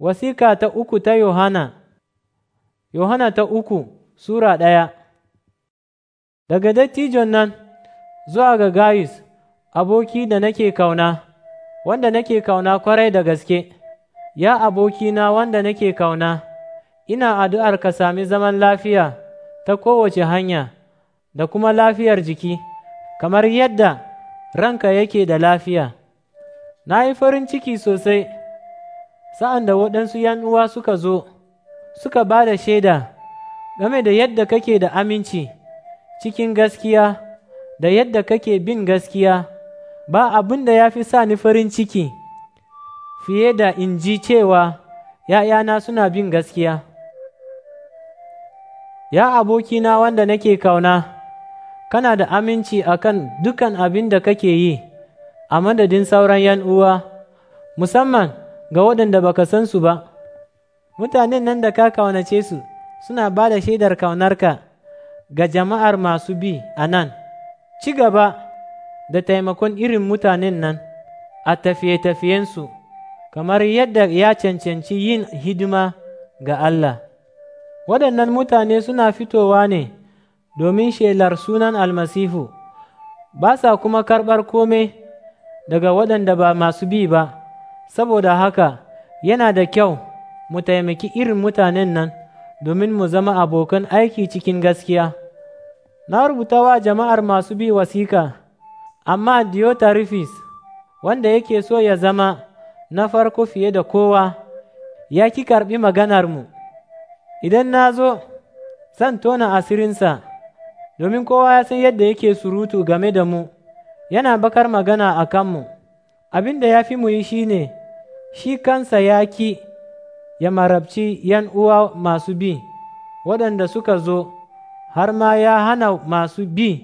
Wasika ta uku ta Yohana Yohana ta uku Sura ɗaya Daga dattijon nan zuwa ga Gayus, aboki da nake kauna, wanda nake kauna kwarai da gaske, ya abokina wanda nake kauna, ina addu'ar ka sami zaman lafiya ta kowace hanya da kuma lafiyar jiki, kamar yadda ranka yake da lafiya. Na yi farin ciki sosai. sa'an da waɗansu uwa suka zo, suka ba da shaida game da yadda kake da aminci cikin gaskiya da yadda kake bin gaskiya, ba abin da ya fi sa ni farin ciki fiye da in ji cewa ‘ya'yana suna bin gaskiya. Ya abokina wanda nake kauna, kana da aminci akan dukan abin da kake yi a madadin sauran ‘yan uwa, musamman’ ga waɗanda baka san su ba mutanen nan da ka kaunace su suna ba da shaidar kaunarka ga jama'ar masu bi a nan ci gaba da taimakon irin mutanen nan a tafiye-tafiyensu kamar yadda ya cancanci yin hidima ga Allah waɗannan mutane suna fitowa ne domin shelar sunan almasihu ba sa kuma karɓar kome daga waɗanda ba masu bi ba saboda haka yana da kyau mu taimaki irin mutanen nan domin mu zama abokan aiki cikin gaskiya. Na rubuta wa jama'ar masu bi wasika, amma Diotarifis, wanda yake so ya zama na farko fiye da kowa, ya ki karɓi maganarmu. Idan na zo, zan tona asirinsa, domin kowa ya san yadda yake surutu game da mu, yana bakar magana a kanmu. abin da ya fi mu shi ne shi kansa ya ki ya marabci yan uwa masu bi waɗanda suka zo har ma ya hana masu bi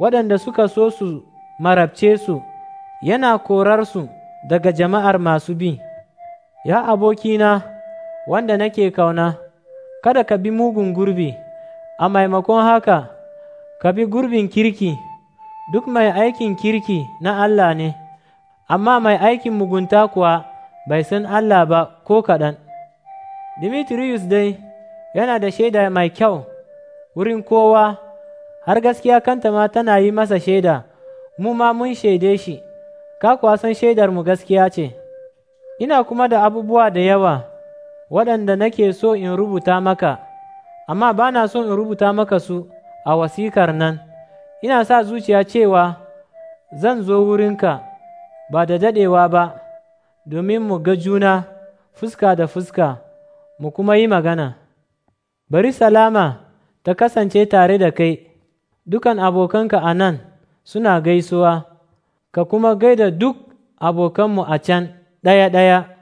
waɗanda suka so su marabce su yana korar su daga jama'ar masu bi ya abokina wanda nake kauna kada ka bi mugun gurbi a maimakon haka ka bi gurbin kirki duk mai aikin kirki na Allah ne amma mai aikin mugunta kuwa bai san Allah ba ko kaɗan. Dimitrius dai yana da shaida mai kyau wurin kowa, har gaskiya kanta ma tana yi masa shaida, mu ma mun shaide shi, ka kuwa san shaidar mu gaskiya ce. Ina kuma da abubuwa da yawa waɗanda nake so in rubuta maka, amma ba na so in rubuta maka su a wasikar nan, ina sa zuciya cewa zan zo wurinka. ba da daɗewa ba domin mu ga juna fuska da fuska mu kuma yi magana bari salama ta kasance tare da kai dukan abokanka a nan suna gaisuwa ka kuma gaida duk abokanmu a can ɗaya-ɗaya